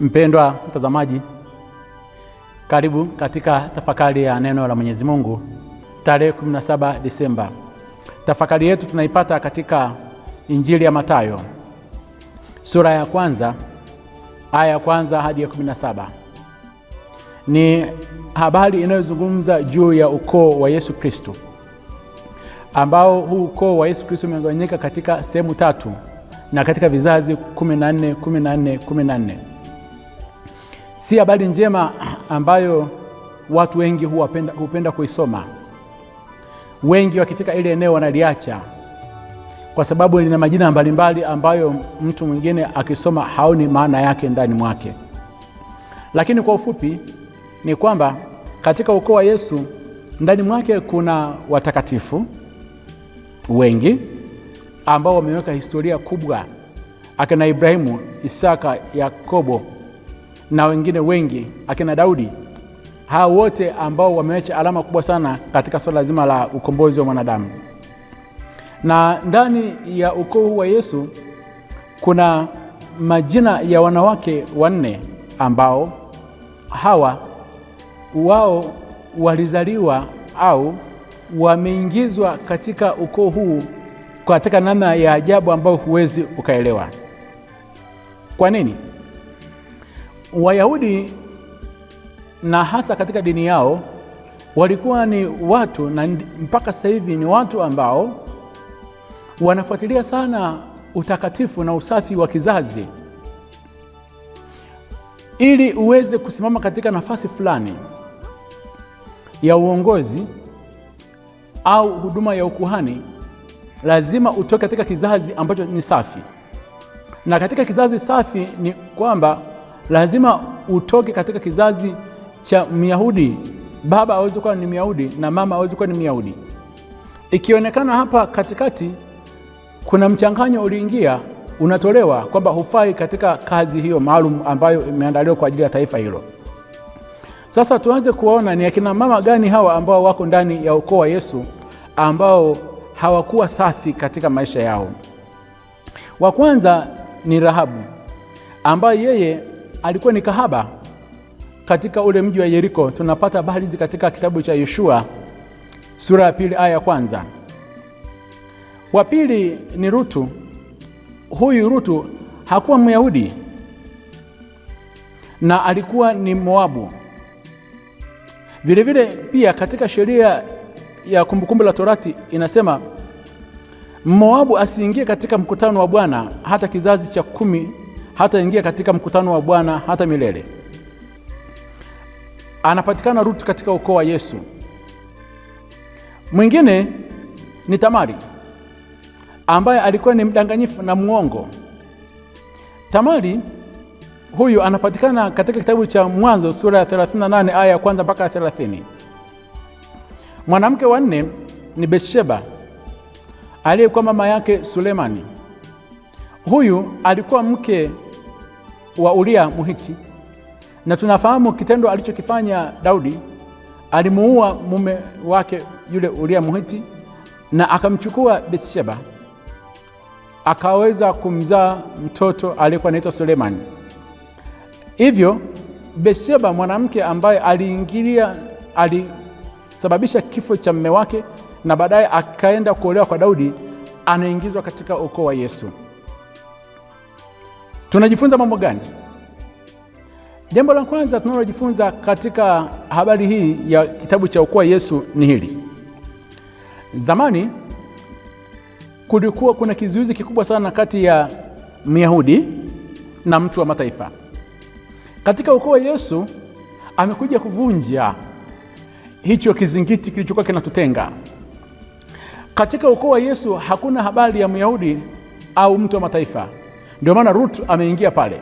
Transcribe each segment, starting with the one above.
Mpendwa mtazamaji, karibu katika tafakari ya neno la Mwenyezi Mungu tarehe 17 Disemba. Tafakari yetu tunaipata katika Injili ya Mathayo sura ya kwanza aya ya kwanza hadi ya 17. Ni habari inayozungumza juu ya ukoo wa Yesu Kristo, ambao huu ukoo wa Yesu Kristo umegawanyika katika sehemu tatu na katika vizazi 14 14 14 si habari njema ambayo watu wengi huwapenda, hupenda kuisoma. Wengi wakifika ile eneo wanaliacha kwa sababu lina majina mbalimbali ambayo mtu mwingine akisoma haoni maana yake ndani mwake. Lakini kwa ufupi ni kwamba katika ukoo wa Yesu ndani mwake kuna watakatifu wengi ambao wameweka historia kubwa, akina Ibrahimu, Isaka, Yakobo na wengine wengi akina Daudi, hawa wote ambao wameacha alama kubwa sana katika swala zima la ukombozi wa mwanadamu. Na ndani ya ukoo huu wa Yesu kuna majina ya wanawake wanne ambao hawa wao walizaliwa au wameingizwa katika ukoo huu katika namna ya ajabu ambayo huwezi ukaelewa. Kwa nini? Wayahudi na hasa katika dini yao walikuwa ni watu na mpaka sasa hivi ni watu ambao wanafuatilia sana utakatifu na usafi wa kizazi. Ili uweze kusimama katika nafasi fulani ya uongozi au huduma ya ukuhani, lazima utoke katika kizazi ambacho ni safi, na katika kizazi safi ni kwamba lazima utoke katika kizazi cha Myahudi, baba aweze kuwa ni Myahudi na mama aweze kuwa ni Myahudi. Ikionekana hapa katikati kuna mchanganyo uliingia, unatolewa kwamba hufai katika kazi hiyo maalum ambayo imeandaliwa kwa ajili ya taifa hilo. Sasa tuanze kuwaona ni akina mama gani hawa ambao wako ndani ya ukoo wa Yesu ambao hawakuwa safi katika maisha yao. Wa kwanza ni Rahabu ambaye yeye alikuwa ni kahaba katika ule mji wa Yeriko. Tunapata habari hizi katika kitabu cha Yoshua sura ya pili aya ya kwanza. Wa pili ni Rutu. Huyu Rutu hakuwa Myahudi na alikuwa ni Moabu. Vilevile pia katika sheria ya Kumbukumbu la Torati inasema Moabu asiingie katika mkutano wa Bwana hata kizazi cha kumi hata ingia katika mkutano wa Bwana hata milele. Anapatikana Ruth katika ukoo wa Yesu. Mwingine ni Tamari ambaye alikuwa ni mdanganyifu na mwongo. Tamari huyu anapatikana katika kitabu cha Mwanzo sura ya 38 aya ya kwanza mpaka 30. Mwanamke wa nne ni Betsheba aliyekuwa mama yake Sulemani. Huyu alikuwa mke wa Uria muhiti na tunafahamu kitendo alichokifanya Daudi. Alimuua mume wake yule Uria muhiti na akamchukua Betsheba, akaweza kumzaa mtoto aliyekuwa anaitwa Sulemani. Hivyo Betsheba, mwanamke ambaye aliingilia, alisababisha kifo cha mume wake na baadaye akaenda kuolewa kwa Daudi, anaingizwa katika ukoo wa Yesu. Tunajifunza mambo gani? Jambo la kwanza tunalojifunza katika habari hii ya kitabu cha wa Yesu ni hili: zamani kulikuwa kuna kizuizi kikubwa sana kati ya Myahudi na mtu wa mataifa. Katika wa Yesu amekuja kuvunja hicho kizingiti kilichokuwa kinatutenga. Katika wa Yesu hakuna habari ya Myahudi au mtu wa mataifa. Ndio maana Ruth ameingia pale.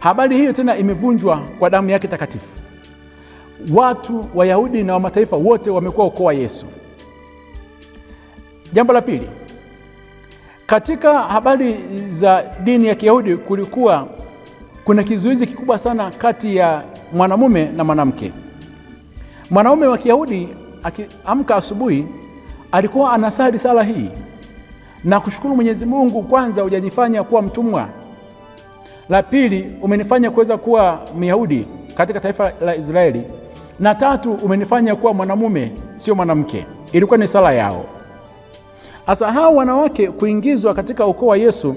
Habari hiyo tena imevunjwa kwa damu yake takatifu. Watu Wayahudi na wa mataifa wote wamekuwa ukoa Yesu. Jambo la pili, katika habari za dini ya Kiyahudi kulikuwa kuna kizuizi kikubwa sana kati ya mwanamume na mwanamke. Mwanamume wa Kiyahudi akiamka asubuhi alikuwa anasali sala hii na kushukuru Mwenyezi Mungu, kwanza hujanifanya kuwa mtumwa, la pili umenifanya kuweza kuwa Myahudi katika taifa la Israeli, na tatu umenifanya kuwa mwanamume sio mwanamke. Ilikuwa ni sala yao. Hasa hao wanawake kuingizwa katika ukoo wa Yesu,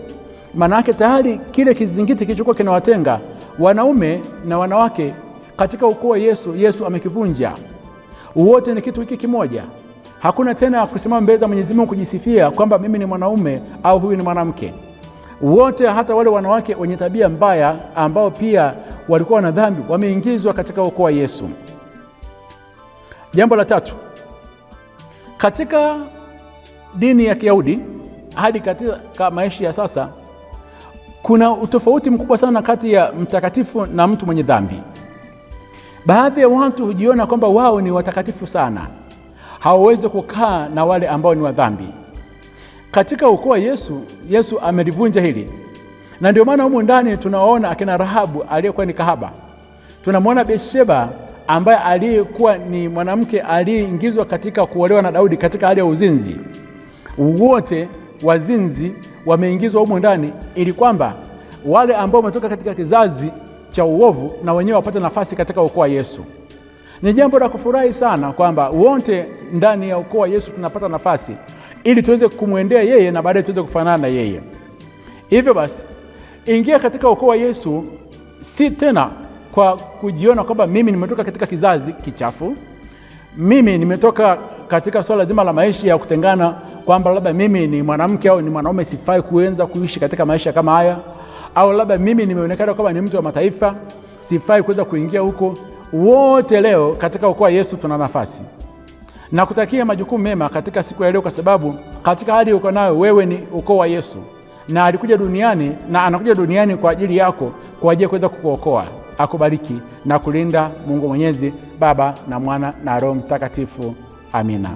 maana yake tayari kile kizingiti kilichokuwa kinawatenga wanaume na wanawake katika ukoo wa Yesu, Yesu amekivunja. Wote ni kitu hiki kimoja. Hakuna tena kusimama mbele za Mwenyezi Mungu kujisifia kwamba mimi ni mwanaume au huyu ni mwanamke. Wote hata wale wanawake wenye tabia mbaya ambao pia walikuwa na dhambi wameingizwa katika wokovu wa Yesu. Jambo la tatu, katika dini ya Kiyahudi hadi katika maisha ya sasa kuna utofauti mkubwa sana kati ya mtakatifu na mtu mwenye dhambi. Baadhi ya watu hujiona kwamba wao ni watakatifu sana hawawezi kukaa na wale ambao ni wadhambi Katika ukoo wa Yesu, Yesu amelivunja hili, na ndio maana humu ndani tunawaona akina Rahabu aliyekuwa ni kahaba, tunamwona betsheba ambaye aliyekuwa ni mwanamke aliyeingizwa katika kuolewa na Daudi katika hali ya uzinzi. Wote wazinzi wameingizwa humu ndani, ili kwamba wale ambao wametoka katika kizazi cha uovu na wenyewe wapate nafasi katika ukoo wa Yesu. Ni jambo la kufurahi sana kwamba wote ndani ya ukoo wa Yesu tunapata nafasi ili tuweze kumwendea yeye na baadaye tuweze kufanana na yeye. Hivyo basi, ingia katika ukoo wa Yesu si tena kwa kujiona kwamba mimi nimetoka katika kizazi kichafu, mimi nimetoka katika swala zima la maisha ya kutengana, kwamba labda mimi ni mwanamke au ni mwanaume, sifai kuenza kuishi katika maisha kama haya, au labda mimi nimeonekana kwamba ni mtu wa mataifa, sifai kuweza kuingia huko wote leo katika ukoo wa Yesu tuna nafasi. Nakutakia majukumu mema katika siku ya leo, kwa sababu katika hali uko nayo wewe ni ukoo wa Yesu, na alikuja duniani na anakuja duniani kwa ajili yako, kwa ajili ya kuweza kukuokoa. Akubariki na kulinda Mungu Mwenyezi, Baba na Mwana na Roho Mtakatifu. Amina.